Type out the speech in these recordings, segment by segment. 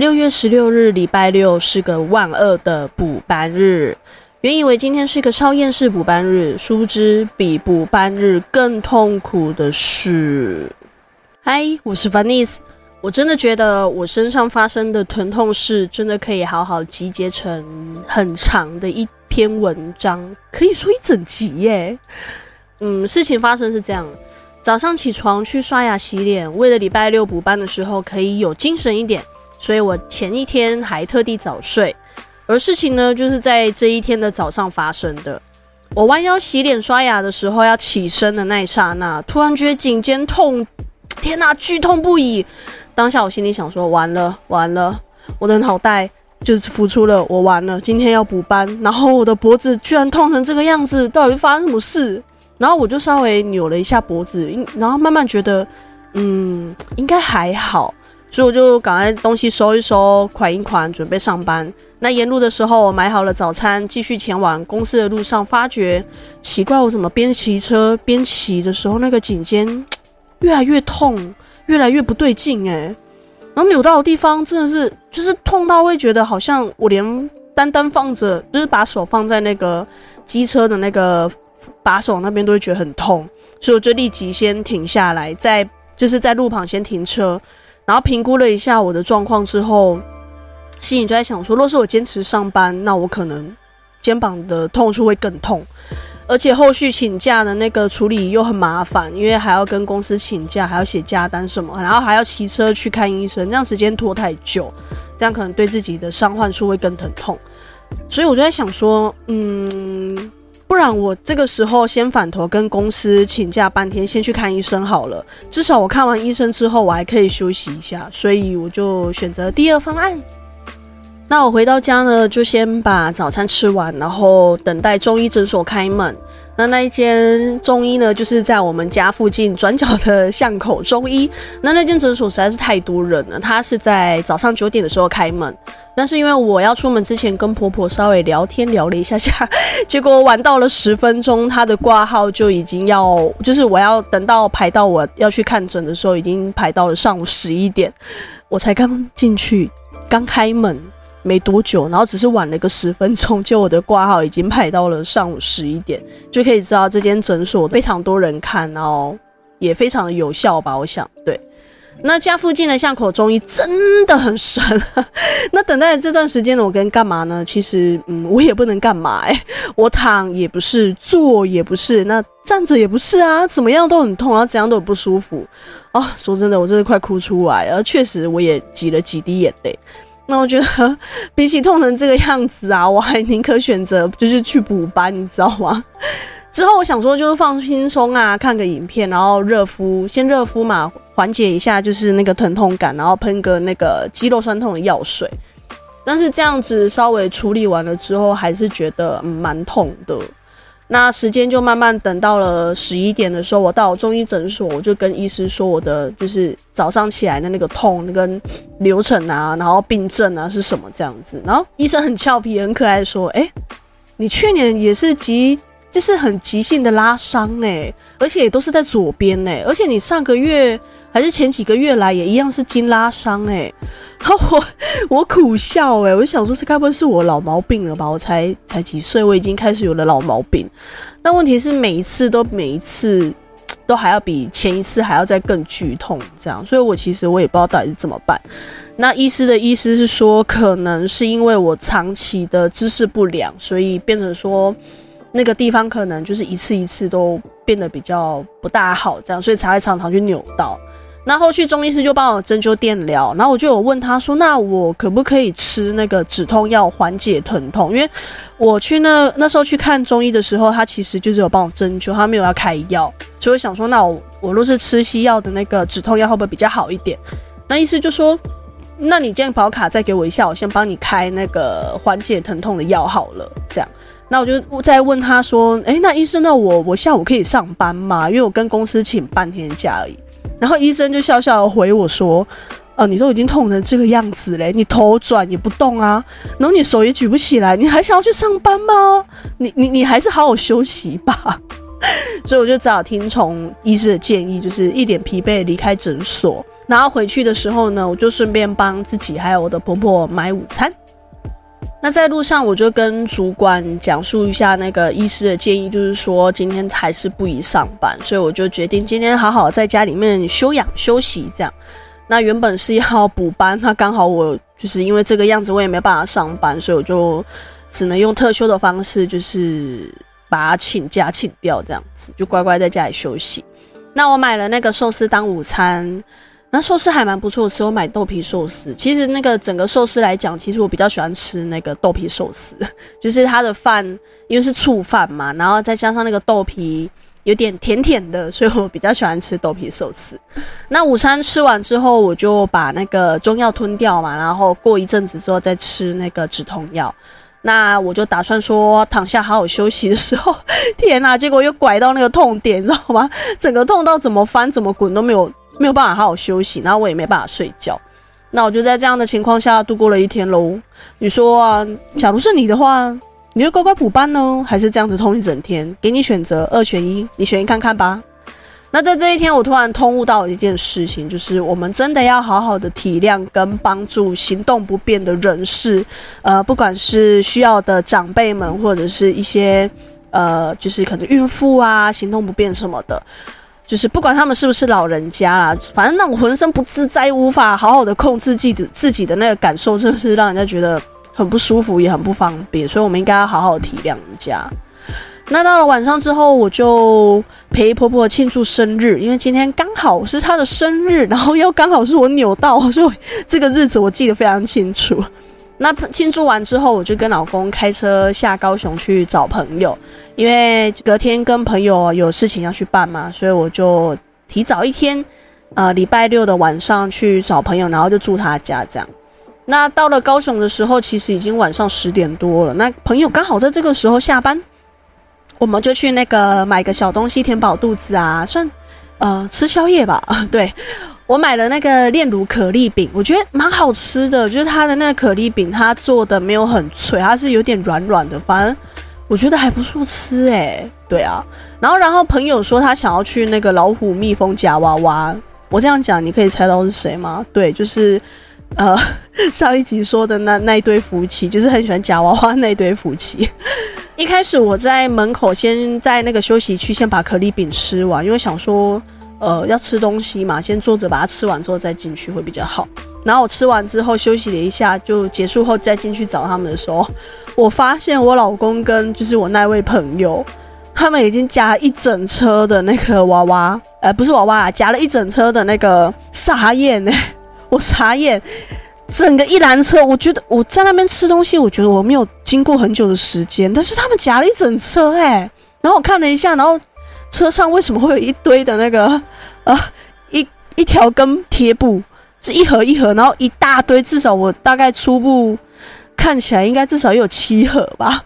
六月十六日，禮拜六是個萬惡的補班日。原以為今天是個超厭世補班日，殊不知比補班日更痛苦的是。嗨，我是凡妮斯。我真的覺得我身上發生的疼痛事，真的可以好好集結成很長的一篇文章，可以說一整集耶。嗯，事情發生是這樣：早上起床去刷牙洗臉，為了禮拜六補班的時候可以有精神一點。所以我前一天還特地早睡，而事情呢，就是在這一天的早上發生的。我彎腰洗臉刷牙的時候，要起身的那一剎那，突然覺得頸肩痛，天哪，啊，劇痛不已。當下我心裡想說，完了完了，我的腦袋就是浮出了，我完了，今天要補班。然後我的脖子居然痛成這個樣子，到底發生什麼事？然後我就稍微扭了一下脖子，然後慢慢覺得，嗯，應該還好。所以我就趕快東西收一收，款一款，準備上班。那沿路的時候，我買好了早餐，繼續前往公司的路上，發覺奇怪，我怎麼邊騎車邊騎的時候，那個頸肩越來越痛，越來越不對勁哎、欸。然後扭到的地方真的是就是痛到會覺得好像我連單單放着，就是把手放在那個機車的那個把手那邊都會覺得很痛，所以我就立即先停下來，在就是在路旁先停車。然後評估了一下我的狀況之後，心裡就在想說：若是我堅持上班，那我可能肩膀的痛處會更痛，而且後續請假的那個處理又很麻煩，因為還要跟公司請假，還要寫假單什麼，然後還要騎車去看醫生，這樣時間拖太久，這樣可能對自己的傷患處會更疼痛。所以我就在想說，嗯。不然我這個時候先返頭跟公司請假半天，先去看醫生好了。至少我看完醫生之後，我還可以休息一下，所以我就選擇第二方案。那我回到家呢，就先把早餐吃完，然後等待中醫診所開門。那那一間中醫呢，就是在我們家附近轉角的巷口中醫。那那間診所實在是太多人了，他是在早上九點的時候開門，但是因為我要出門之前跟婆婆稍微聊天聊了一下下，結果晚到了十分鐘，他的掛號就已經要，就是我要等到排到我要去看診的時候，已經排到了上午十一點，我才剛進去，剛開門。沒多久，然後只是晚了一個十分鐘，就我的掛號已經排到了上午十一點，就可以知道這間診所非常多人看，然後也非常的有效吧？我想，對。那家附近的巷口中醫真的很神。 那等待這段時間呢，我跟幹嘛呢？其實，嗯，我也不能幹嘛，欸，我躺也不是，坐也不是，那站着也不是啊，怎麼樣都很痛，然後怎麼樣都不舒服。哦，說真的，我真的快哭出來，而確實，我也擠了幾滴眼淚。那我覺得，比起痛成這個樣子啊，我還寧可選擇就是去補班，你知道嗎？之後我想說就是放輕鬆啊，看個影片，然後熱敷，先熱敷嘛，緩解一下就是那個疼痛感，然後噴個那個肌肉酸痛的藥水。但是這樣子稍微處理完了之後，還是覺得，嗯，蠻痛的。那時間就慢慢等到了十一點的時候，我到我中醫診所，我就跟醫師說我的就是早上起來的那個痛跟流程啊，然後病症啊是什麼這樣子。然後醫生很俏皮、很可愛，說：“欸，你去年也是急，就是很急性的拉傷欸，而且也都是在左邊欸，而且你上個月。”還是前幾個月來也一樣是筋拉傷哎、欸，我我苦笑哎、欸，我就想說這該不會是我老毛病了吧？我才才幾歲，我已經開始有了老毛病。那問題是每一次都每一次都還要比前一次還要再更劇痛這樣，所以我其實我也不知道到底是怎麼辦。那醫師的意思是說，可能是因為我長期的姿勢不良，所以變成說那個地方可能就是一次一次都變得比較不大好這樣，所以才會常常去扭到。那後續中醫師就幫我針灸電療，然後我就有問他說：“那我可不可以吃那個止痛藥緩解疼痛？”因為我去那那時候去看中醫的時候，他其實就是有幫我針灸，他沒有要開藥。所以我想說，那我我若是吃西藥的那個止痛藥會不會比較好一點？那醫師就說：“那你健保卡再給我一下，我先幫你開那個緩解疼痛的藥好了。”這樣，那我就再問他說：“誒，那醫生，那我我下午可以上班嗎？因為我跟公司請半天假而已。”然後醫生就笑笑回我說：“哦、啊，你都已經痛成這個樣子嘞，你頭轉也不動啊，然後你手也舉不起來，你還想要去上班嗎？你你你還是好好休息吧。 ”所以我就只好聽從醫生的建議，就是一臉疲憊離開診所。然後回去的時候呢，我就順便幫自己還有我的婆婆買午餐。那在路上我就跟主管講述一下那個醫師的建議，就是說今天還是不宜上班，所以我就決定今天好好在家裡面休養休息。這樣，那原本是要補班，那剛好我就是因為這個樣子，我也沒辦法上班，所以我就只能用特休的方式，就是把他請假請掉，這樣子就乖乖在家裡休息。那我買了那個壽司當午餐。那壽司還蠻不錯的，所以我買豆皮壽司。其實那個整個壽司來講，其實我比較喜歡吃那個豆皮壽司，就是它的飯，因為是醋飯嘛，然後再加上那個豆皮有點甜甜的，所以我比較喜歡吃豆皮壽司。那午餐吃完之後，我就把那個中藥吞掉嘛，然後過一陣子之後再吃那個止痛藥。那我就打算說躺下好好休息的時候，天哪，結果又拐到那個痛點，你知道嗎？整個痛到怎麼翻怎麼滾都沒有。沒有辦法好好休息，然後我也沒辦法睡覺，那我就在這樣的情況下度過了一天嘍。你說啊，假如是你的話，你就乖乖補班哦，還是這樣子通一整天？給你選擇二選一，你選一看看吧。那在這一天，我突然通悟到一件事情，就是我們真的要好好的體諒跟幫助行動不便的人士，呃，不管是需要的長輩們，或者是一些呃，就是可能孕婦啊，行動不便什麼的。就是不管他們是不是老人家啦，反正那種渾身不自在、無法好好的控制自己自己的那個感受，真的是讓人家覺得很不舒服，也很不方便。所以，我們應該要好好體諒人家。那到了晚上之後，我就陪婆婆慶祝生日，因為今天剛好是她的生日，然後又剛好是我扭到，所以這個日子我記得非常清楚。那慶祝完之後，我就跟老公開車下高雄去找朋友，因為隔天跟朋友有事情要去辦嘛，所以我就提早一天，呃，禮拜六的晚上去找朋友，然後就住他家這樣。那到了高雄的時候，其實已經晚上十點多了。那朋友剛好在這個時候下班，我們就去那個買個小東西填飽肚子啊，算呃吃宵夜吧，呵呵對。我買了那個煉乳可麗餅，我覺得蠻好吃的。就是它的那個可麗餅，它做得沒有很脆，它是有點軟軟的。反正我覺得還不錯吃哎、欸。對啊，然後然後朋友說他想要去那個老虎蜜蜂夾娃娃。我這樣講，你可以猜到是誰嗎？對，就是呃上一集說的那那一對夫妻，就是很喜歡夾娃娃那一對夫妻。 一開始我在門口先在那個休息區先把可麗餅吃完，因為想說。呃，要吃東西嘛，先坐着把它吃完之後再進去會比較好。然後我吃完之後休息了一下，就結束後再進去找他們的時候，我發現我老公跟就是我那位朋友，他們已經夾了一整車的那個娃娃，呃，不是娃娃，啊，夾了一整車的那個傻眼呢，欸？我傻眼，整個一欄車，我覺得我在那邊吃東西，我覺得我沒有經過很久的時間，但是他們夾了一整車哎，欸，然後我看了一下，然後。車上為什麼會有一堆的那個呃、啊，一一條根貼布是一盒一盒，然後一大堆，至少我大概初步看起來應該至少也有七盒吧。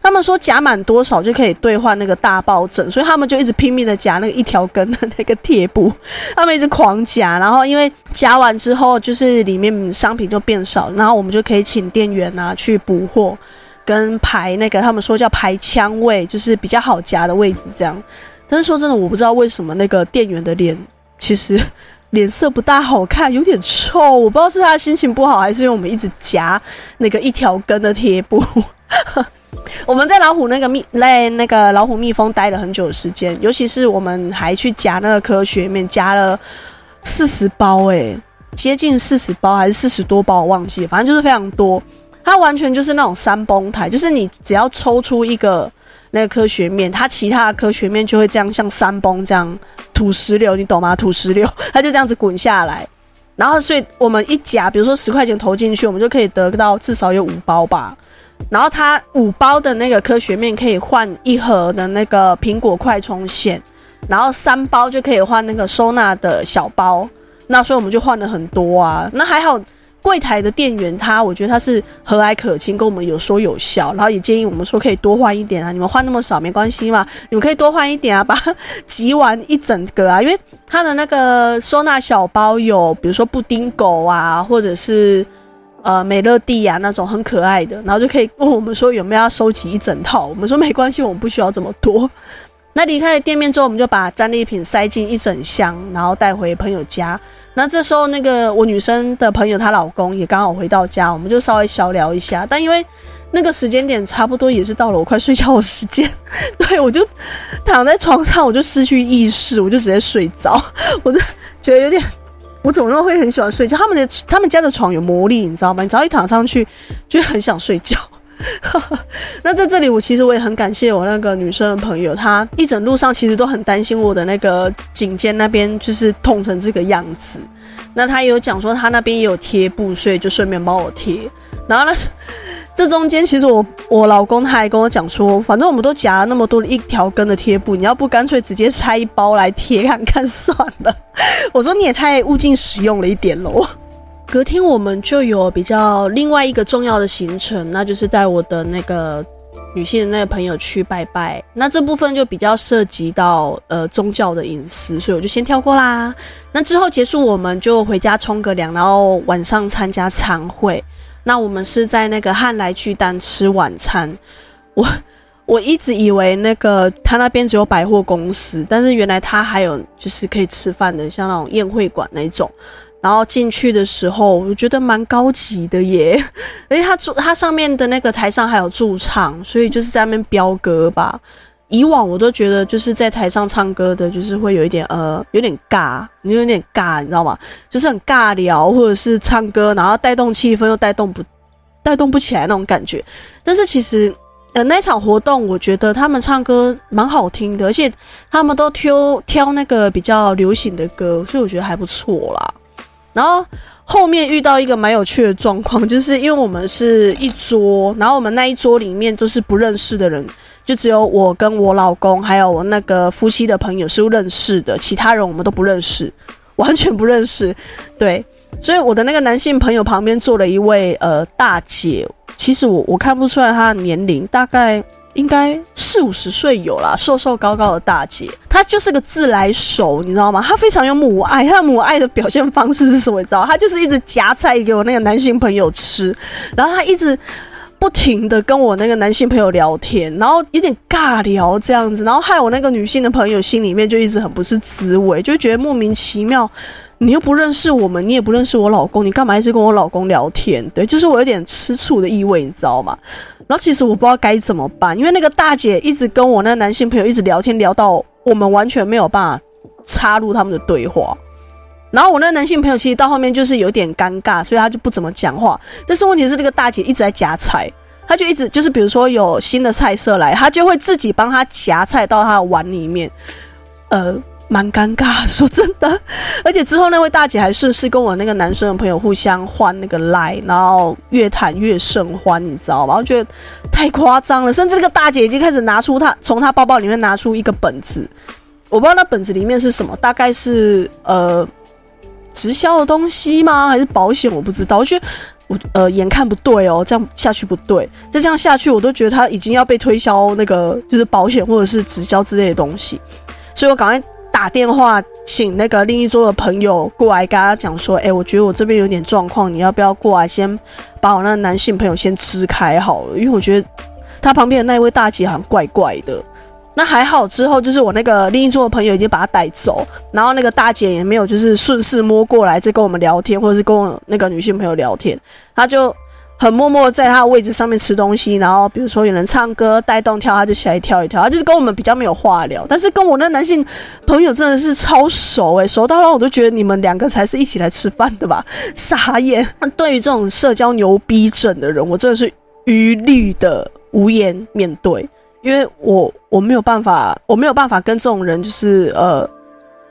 他們說夾滿多少就可以兌換那個大抱枕，所以他們就一直拼命的夾那個一條根的那個貼布，他們一直狂夾。然後因為夾完之後，就是裡面商品就變少，然後我們就可以請店員啊去補貨跟排那個他們說叫排槍位，就是比較好夾的位置這樣。但是說真的，我不知道為什麼那個店員的臉其實臉色不大好看，有點臭。我不知道是他心情不好，還是因為我們一直夾那個一條根的貼布。 我們在老虎那個蜜那個老虎蜜蜂待了很久的時間，尤其是我們還去夾那個科學裡面夾了四十包誒、欸，接近四十包還是四十多包，我忘記了，反正就是非常多。它完全就是那種三崩台，就是你只要抽出一個。那個科學麵，它其他的科學麵就會這樣像山崩這樣土石流，你懂嗎？土石流，它就這樣子滾下來。然後，所以我們一夾，比如說十塊錢投進去，我們就可以得到至少有五包吧。然後，它五包的那個科學麵可以換一盒的那個蘋果快充線，然後三包就可以換那個收納的小包。那所以我們就換了很多啊。那還好。櫃台的店員，他我覺得他是和藹可親，跟我們有說有笑，然後也建議我們說可以多換一點啊，你們換那麼少沒關係嘛，你們可以多換一點啊，把它集完一整個啊，因為他的那個收納小包有，比如說布丁狗啊，或者是呃美樂蒂啊那種很可愛的，然後就可以問我們說有沒有要收集一整套，我們說沒關係，我們不需要這麼多。那離開了店面之後，我們就把戰利品塞進一整箱，然後帶回朋友家。那這時候，那個我女生的朋友她老公也剛好回到家，我們就稍微小聊一下。但因為那個時間點差不多也是到了我快睡覺的時間，對我就躺在床上，我就失去意識，我就直接睡着。我就覺得有點，我怎麼那麼會很喜歡睡覺？他們的他們家的床有魔力，你知道嗎？你只要一躺上去，就很想睡覺。哈哈，那在這裡，我其實我也很感謝我那個女生的朋友，她一整路上其實都很擔心我的那個頸肩那邊，就是痛成這個樣子。那她也有講說，她那邊也有貼布，所以就順便幫我貼。然後呢，這中間其實我我老公他還跟我講說，反正我們都夾了那麼多一條根的貼布，你要不乾脆直接拆一包來貼看看算了。我說你也太物盡使用了一點嘍。隔天我們就有比較另外一個重要的行程，那就是帶我的那個女性的那個朋友去拜拜。那這部分就比較涉及到呃宗教的隱私，所以我就先跳過啦。那之後結束，我們就回家沖個涼，然後晚上參加餐會。那我們是在那個漢來巨蛋吃晚餐。我我一直以為那個他那邊只有百貨公司，但是原來他還有就是可以吃飯的，像那種宴會館那一種。然後進去的時候，我覺得蠻高級的耶。而且他駐他上面的那個台上還有駐唱，所以就是在那邊飆歌吧。以往我都覺得就是在台上唱歌的，就是會有一點呃，有點尬，你有點尬，你知道嗎？就是很尬聊或者是唱歌，然後帶動氣氛，又帶動不帶動不起來那種感覺。但是其實呃，那場活動，我覺得他們唱歌蠻好聽的，而且他們都挑挑那個比較流行的歌，所以我覺得還不錯啦。然後後面遇到一個蠻有趣的狀況，就是因為我們是一桌，然後我們那一桌裡面都是不認識的人，就只有我跟我老公還有我那個夫妻的朋友是認識的，其他人我們都不認識，完全不認識。對，所以我的那個男性朋友旁邊坐了一位呃大姐，其實我我看不出來她的年齡，大概。應該四五十歲有啦，瘦瘦高高的大姐，她就是個自來熟，你知道嗎？她非常有母愛，她母愛的表現方式是什麼？你知道？她就是一直夾菜給我那個男性朋友吃，然後她一直不停的跟我那個男性朋友聊天，然後有點尬聊這樣子，然後害我那個女性的朋友心裡面就一直很不是滋味，就覺得莫名其妙。你又不認識我們，你也不認識我老公，你幹嘛一直跟我老公聊天？對，就是我有點吃醋的意味，你知道嗎？然後其實我不知道該怎麼辦，因為那個大姐一直跟我那個男性朋友一直聊天，聊到我們完全沒有辦法插入他們的對話。然後我那個男性朋友其實到後面就是有點尷尬，所以他就不怎麼講話。但是問題是那個大姐一直在夾菜，他就一直就是比如說有新的菜色來，他就會自己幫他夾菜到他的碗裡面，呃。蠻尷尬，說真的，而且之後那位大姐還順勢跟我那個男生的朋友互相換那個賴，然後越談越甚歡，你知道嗎？我覺得太誇張了，甚至那個大姐已經開始拿出她從她包包裡面拿出一個本子，我不知道那本子裡面是什麼，大概是呃直銷的東西嗎？還是保險？我不知道。我覺得我呃眼看不對哦，這樣下去不對，再這樣下去我都覺得她已經要被推銷那個就是保險或者是直銷之類的東西，所以我趕快。打電話請那個另一桌的朋友過來，跟他講說：“誒、欸，我覺得我這邊有點狀況，你要不要過來先把我那個男性朋友先支開好了？因為我覺得他旁邊的那一位大姐好像怪怪的。”那還好，之後就是我那個另一桌的朋友已經把他帶走，然後那個大姐也沒有就是順勢摸過來，再跟我們聊天，或者是跟我那個女性朋友聊天，他就。很默默在他的位置上面吃東西，然後比如說有人唱歌帶動跳，他就起來跳一跳。他就是跟我們比較沒有話聊，但是跟我那男性朋友真的是超熟誒、欸、熟到讓我都覺得你們兩個才是一起來吃飯的吧？傻眼！那對於這種社交牛逼症的人，我真的是餘力的無言面對，因為我我沒有辦法，我沒有辦法跟這種人就是呃。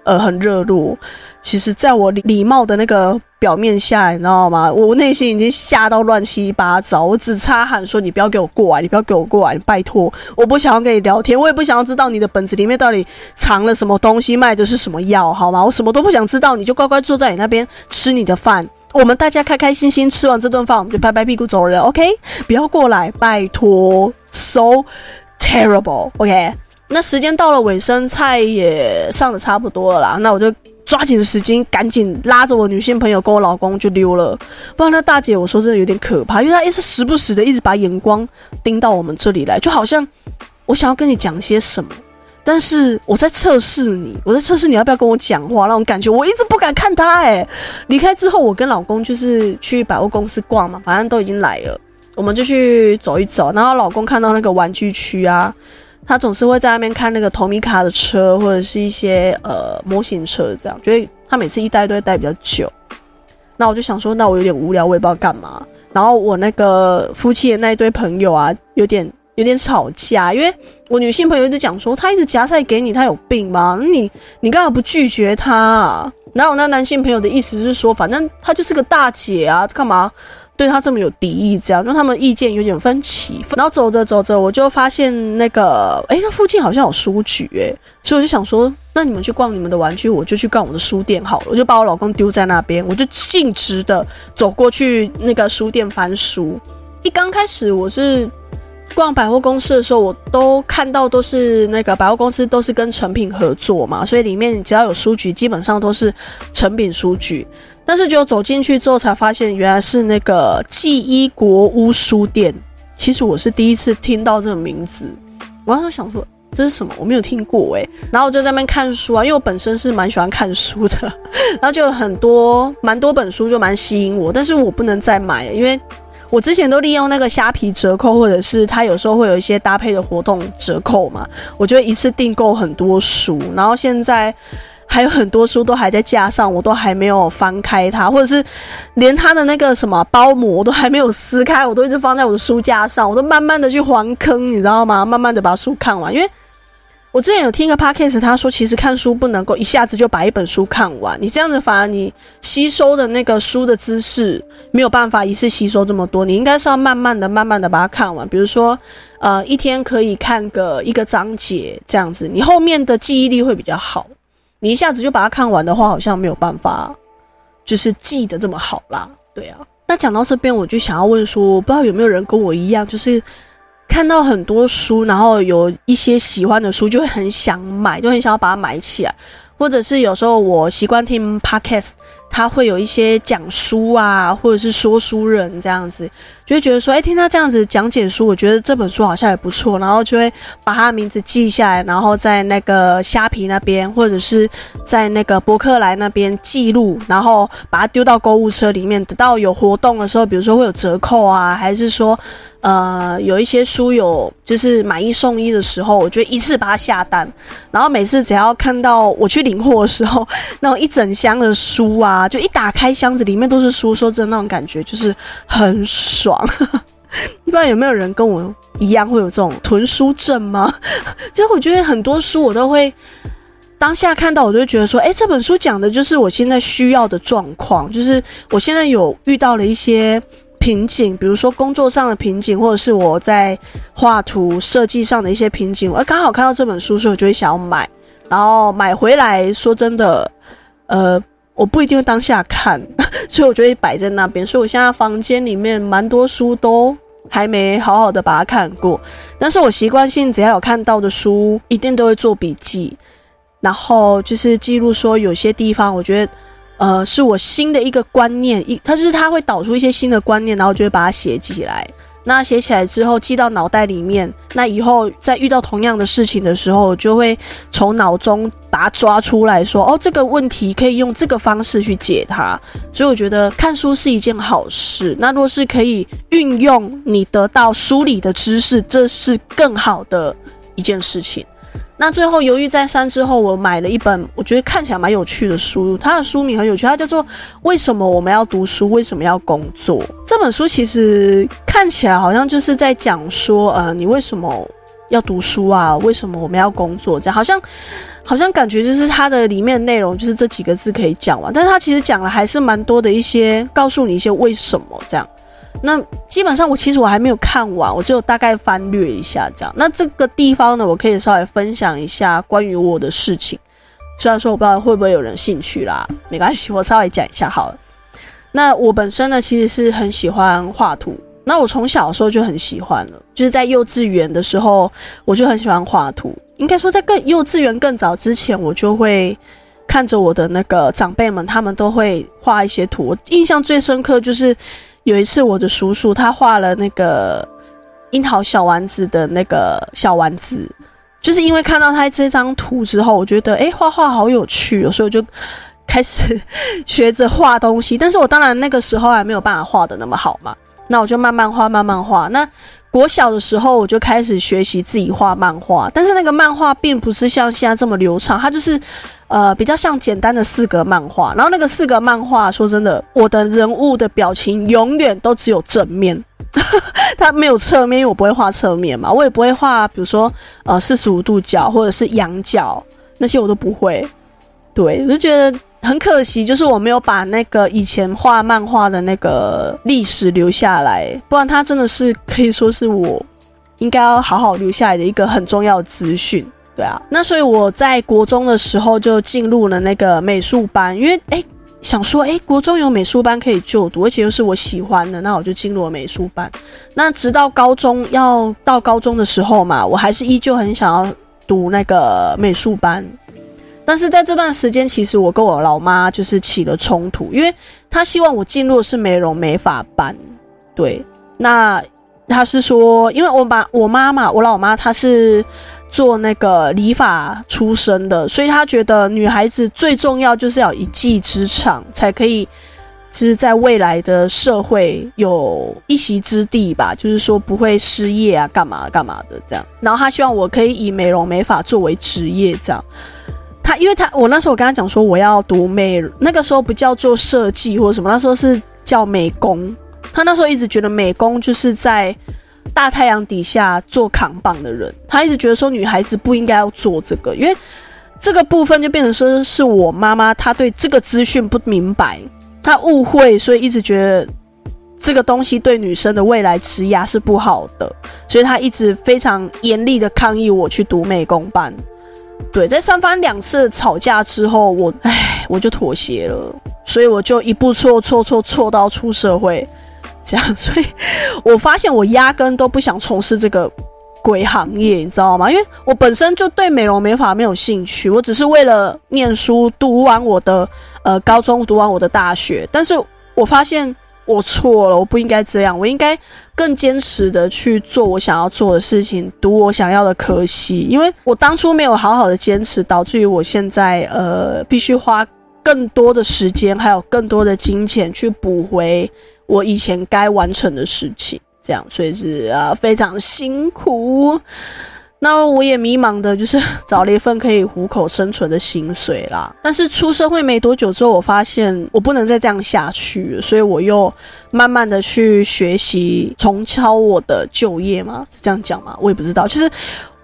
呃，很熱絡，其實，在我禮禮貌的那個表面下，你知道嗎？我內心已經嚇到亂七八糟，我只差喊說：“你不要給我過來，你不要給我過來，拜託，我不想要跟你聊天，我也不想要知道你的本子裡面到底藏了什麼東西，賣的是什麼藥，好嗎？我什麼都不想知道，你就乖乖坐在你那邊吃你的飯，我們大家開開心心吃完這頓飯，我們就拍拍屁股走人，OK？不要過來，拜託，so terrible，OK？OK? 那時間到了尾聲，菜也上的差不多了啦，那我就抓緊時間，趕緊拉着我女性朋友跟我老公就溜了。不然那大姐，我說真的有點可怕，因為她一直時不時的一直把眼光盯到我們這裡來，就好像我想要跟你講些什麼，但是我在測試你，我在測試你要不要跟我講話那種感覺，我一直不敢看她、欸。哎，離開之後，我跟老公就是去百貨公司逛嘛，反正都已經來了，我們就去走一走。然後老公看到那個玩具區啊。他總是會在外面看那個托米卡的車，或者是一些呃模型車這樣，所以他每次一待都會待比較久。那我就想說，那我有點無聊，我也不知道幹嘛。然後我那個夫妻的那一堆朋友啊，有點有點吵架，因為我女性朋友一直講說，他一直夾菜給你，他有病嗎？你你幹嘛不拒絕他啊？然後我那男性朋友的意思就是說，反正他就是個大姐啊，幹嘛？對他這麼有敵意，這樣，因為他們意見有點分歧。然後走着走着，我就發現那個，哎，那附近好像有書局，哎，所以我就想說，那你們去逛你們的玩具，我就去逛我的書店好了。我就把我老公丟在那邊，我就徑直的走過去那個書店翻書。一剛開始我是逛百貨公司的時候，我都看到都是那個百貨公司都是跟誠品合作嘛，所以裡面只要有書局，基本上都是誠品書局。但是就走進去之後才發現，原來是那個紀伊國屋書店。其實我是第一次聽到這個名字，我當時想說，這是什麼，我沒有聽過哎、欸。然後我就在那邊看書啊，因為我本身是蠻喜歡看書的。然後就很多蠻多本書就蠻吸引我，但是我不能再買、欸，因為我之前都利用那個蝦皮折扣，或者是它有時候會有一些搭配的活動折扣嘛。我就一次訂購很多書，然後現在。還有很多書都還在架上，我都還沒有翻開它，或者是連它的那個什麼包膜我都還沒有撕開，我都一直放在我的書架上，我都慢慢的去還坑，你知道嗎？慢慢的把書看完。因為我之前有聽一個 podcast，他說其實看書不能夠一下子就把一本書看完，你這樣子反而你吸收的那個書的知識沒有辦法一次吸收這麼多，你應該是要慢慢的、慢慢的把它看完。比如說，呃，一天可以看個一個章節這樣子，你後面的記憶力會比較好。你一下子就把它看完的話，好像沒有辦法，就是記得這麼好啦，對啊。那講到這邊，我就想要問說，我不知道有沒有人跟我一樣，就是看到很多書，然後有一些喜歡的書，就會很想買，就很想要把它買起來，或者是有時候我習慣聽 Podcast。他會有一些講書啊，或者是說書人這樣子，就會覺得說，哎、欸，聽他這樣子講解書，我覺得這本書好像也不錯，然後就會把他的名字記下來，然後在那個蝦皮那邊，或者是在那個博客來那邊記錄，然後把它丟到購物車裡面。等到有活動的時候，比如說會有折扣啊，還是說，呃，有一些書有就是買一送一的時候，我就一次把它下單。然後每次只要看到我去領貨的時候，那種一整箱的書啊。啊！就一打開箱子，裡面都是書。說真的，那種感覺就是很爽。不知道有沒有人跟我一樣會有這種囤書症嗎？其實我覺得很多書我都會當下看到，我就會覺得說，哎、欸，這本書講的就是我現在需要的狀況。就是我現在有遇到了一些瓶頸，比如說工作上的瓶頸，或者是我在畫圖設計上的一些瓶頸。我剛好看到這本書，所以我就會想要買。然後買回來，說真的，呃。我不一定會當下看，所以我就會擺在那邊。所以我現在房間裡面蠻多書都還沒好好的把它看過，但是我習慣性只要有看到的書，一定都會做筆記，然後就是記錄說有些地方我覺得，呃，是我新的一個觀念，一它就是它會導出一些新的觀念，然後就會把它寫起來。那寫起來之後記到腦袋裡面，那以後再遇到同樣的事情的時候，就會從腦中把它抓出來說，哦，這個問題可以用這個方式去解它。所以我覺得看書是一件好事。那若是可以運用你得到書裡的知識，這是更好的一件事情。那最後猶豫再三之後，我買了一本我覺得看起來蠻有趣的書。它的書名很有趣，它叫做《為什麼我們要讀書？為什麼要工作？》這本書其實看起來好像就是在講說，呃，你為什麼要讀書啊？為什麼我們要工作？這樣好像好像感覺就是它的裡面的內容就是這幾個字可以講完，但是它其實講了還是蠻多的一些，告訴你一些為什麼這樣。那基本上我其實我還沒有看完，我只有大概翻略一下這樣。那這個地方呢，我可以稍微分享一下關於我的事情。雖然說我不知道會不會有人興趣啦，沒關係，我稍微講一下好了。那我本身呢，其實是很喜歡畫圖。那我從小的時候就很喜歡了，就是在幼稚園的時候我就很喜歡畫圖。應該說在更幼稚園更早之前，我就會看着我的那個長輩們，他們都會畫一些圖。我印象最深刻就是。有一次，我的叔叔他畫了那個櫻桃小丸子的那個小丸子，就是因為看到他這張圖之後，我覺得哎畫畫好有趣喔，所以我就開始學着畫東西。但是我當然那個時候還沒有辦法畫得那麼好嘛，那我就慢慢畫，慢慢畫。那。國小的時候，我就開始學習自己畫漫畫，但是那個漫畫並不是像現在這麼流暢，它就是，呃，比較像簡單的四格漫畫。然後那個四格漫畫，說真的，我的人物的表情永遠都只有正面， 它沒有側面，因為我不會畫側面嘛，我也不會畫，比如說呃四十五度角或者是仰角那些我都不會。對，我就覺得。很可惜，就是我沒有把那個以前畫漫畫的那個歷史留下來，不然它真的是可以說是我應該要好好留下來的一個很重要的資訊。對啊，那所以我在國中的時候就進入了那個美術班，因為哎想說哎國中有美術班可以就讀，而且又是我喜歡的，那我就進入了美術班。那直到高中，要到高中的時候嘛，我還是依舊很想要讀那個美術班。但是在這段時間，其實我跟我老媽就是起了衝突，因為她希望我進入的是美容美髮班。對，那她是說，因為我媽我媽媽、我老媽她是做那個理髮出身的，所以她覺得女孩子最重要就是要一技之長，才可以就是在未來的社會有一席之地吧。就是說不會失業啊，幹嘛幹嘛的這樣。然後她希望我可以以美容美髮作為職業這樣。他，因為他，我那時候我跟他講說我要讀美，那個時候不叫做設計或者什麼，那時候是叫美工。他那時候一直覺得美工就是在大太陽底下做扛棒的人，他一直覺得說女孩子不應該要做這個，因為這個部分就變成說是我媽媽，她對這個資訊不明白，她誤會，所以一直覺得這個東西對女生的未來職涯是不好的，所以他一直非常嚴厲的抗議我去讀美工班。對，在上番三番兩次吵架之後，我唉，我就妥協了，所以我就一步錯，錯錯錯到出社會，這樣，所以我發現我壓根都不想從事這個鬼行業，你知道嗎？因為我本身就對美容美髮，沒有興趣，我只是為了念書，讀完我的呃高中，讀完我的大學，但是我發現。我錯了，我不應該這樣，我應該更堅持的去做我想要做的事情，讀我想要的科系。因為我當初沒有好好的堅持，導致於我現在呃必須花更多的時間，還有更多的金錢去補回我以前該完成的事情，這樣，所以是啊，呃，非常的辛苦。那我也迷茫的，就是找了一份可以糊口生存的薪水啦。但是出社會沒多久之後，我發現我不能再這樣下去，所以我又慢慢的去學習重操我的舊業嘛，是這樣講嗎？我也不知道。其實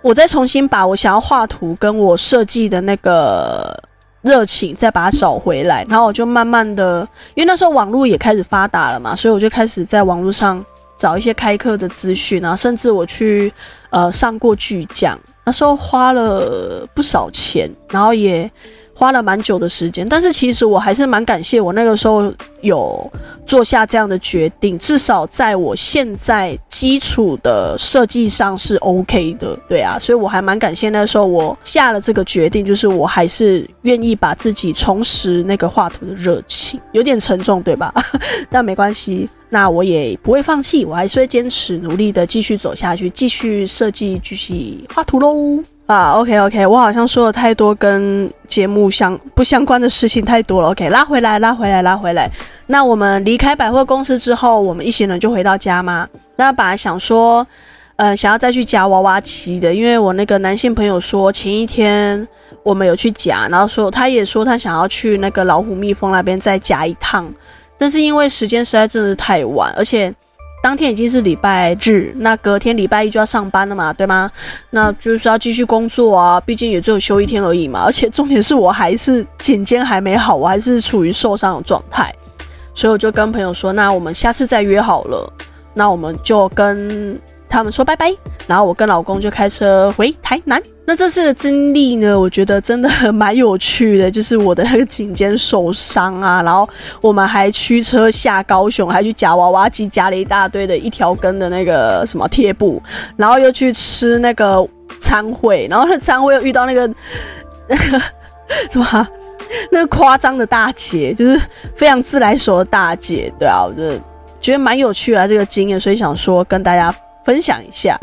我再重新把我想要畫圖跟我設計的那個熱情再把它找回來，然後我就慢慢的，因為那時候網絡也開始發達了嘛，所以我就開始在網絡上找一些開課的資訊，然後甚至我去。呃，上過巨匠，那時候花了不少錢，然後也。花了蠻久的時間，但是其實我還是蠻感謝我那個時候有做下這樣的決定，至少在我現在基礎的設計上是 OK 的，對啊，所以我還蠻感謝那個時候我下了這個決定，就是我還是願意把自己重拾那個畫圖的熱情，有點沉重對吧？ 但沒關係，那我也不會放棄，我還是會堅持努力的繼續走下去，繼續設計，繼續畫圖嘍。啊，OK OK，我好像說了太多跟節目相不相關的事情太多了，OK，拉回來，拉回來，拉回來。那我們離開百貨公司之後，我們一行人就回到家嗎？那本來想說，嗯，呃，想要再去夾娃娃機的，因為我那個男性朋友說前一天我們有去夾，然後說他也說他想要去那個老虎蜜蜂那邊再夾一趟，但是因為時間實在真的是太晚，而且。當天已經是禮拜日，那隔天禮拜一就要上班了嘛，對嗎？那就是要繼續工作啊，畢竟也只有休一天而已嘛。而且重點是我還是頸肩還沒好，我還是處於受傷的狀態，所以我就跟朋友說，那我們下次再約好了。那我們就跟。他們說拜拜，然後我跟老公就開車回台南。那這次的經歷呢，我覺得真的很蠻有趣的。就是我的那個頸肩受傷啊，然後我們還驅車下高雄，還去夾娃娃機夾了一大堆的一條根的那個什麼貼布，然後又去吃那個餐會，然後那餐會又遇到那個那個什麼、啊，那個誇張的大姐，就是非常自來熟的大姐，對啊，我就覺得蠻有趣的、啊、這個經驗，所以想說跟大家分享一下，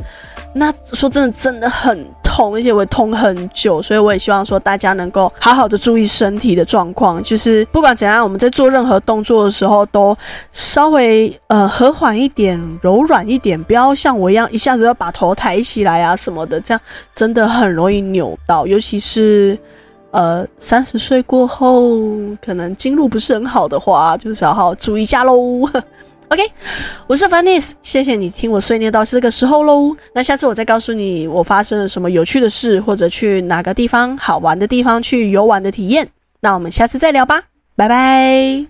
那說真的真的很痛，而且會痛很久，所以我也希望說大家能夠好好的注意身體的狀況，就是不管怎樣，我們在做任何動作的時候都稍微呃和緩一點、柔軟一點，不要像我一樣一下子要把頭抬起來啊什麼的，這樣真的很容易扭到，尤其是呃三十歲過後，可能經絡不是很好的話，就是要好好注意一下嘍。OK，我是 Vanessa，謝謝你聽我碎念到這個時候嘍。那下次我再告訴你我發生了什麼有趣的事，或者去哪個地方好玩的地方去遊玩的體驗。那我們下次再聊吧，拜拜。